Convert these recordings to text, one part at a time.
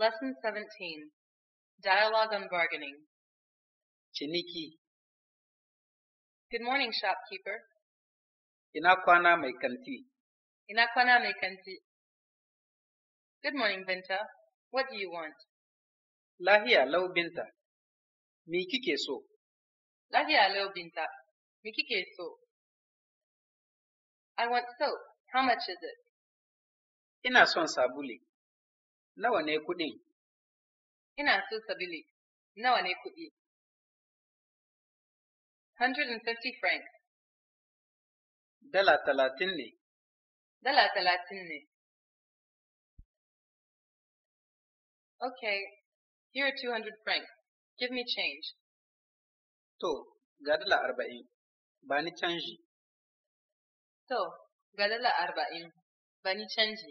Lesson 17 Dialogue on Bargaining. Ciniki. Good morning, shopkeeper. Ina kwana mai kanti. Ina kwana Good morning, Binta. What do you want? Lahiya lau Binta. Miki kike so? Lahiya lau Binta. Miki kike so? I want soap. How much is it? Ina son sabuli nawa ne kuɗin? Ina so sabili, nawa ne kuɗi? Hundred and fifty francs. Dala talatin ne. Dala talatin ne. Okay, here are two hundred francs. Give me change. To, ga dala arba'in, ba ni canji. To, ga dala arba'in, ba ni canji.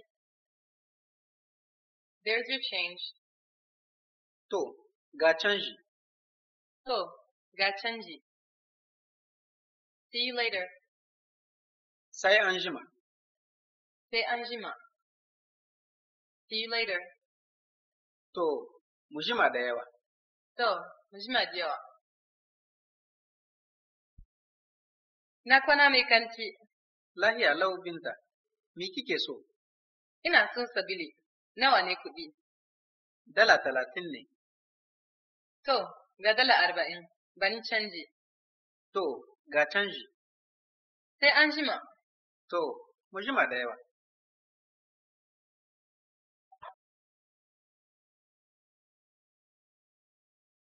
There's your change. To, ga canji. To, ga canji. See you later. Sai anjima. Sai anjima. See you later. To, mu jima da yawa. To, mu jima da yawa. Na kwana mai kanti. Lahiya lau binta, me kike so? Ina son sabili. Nawa ne kuɗi? Dala talatin ne. To, ga dala arba'in, bani canji. To, ga canji. Sai an jima. To, mu jima da yawa.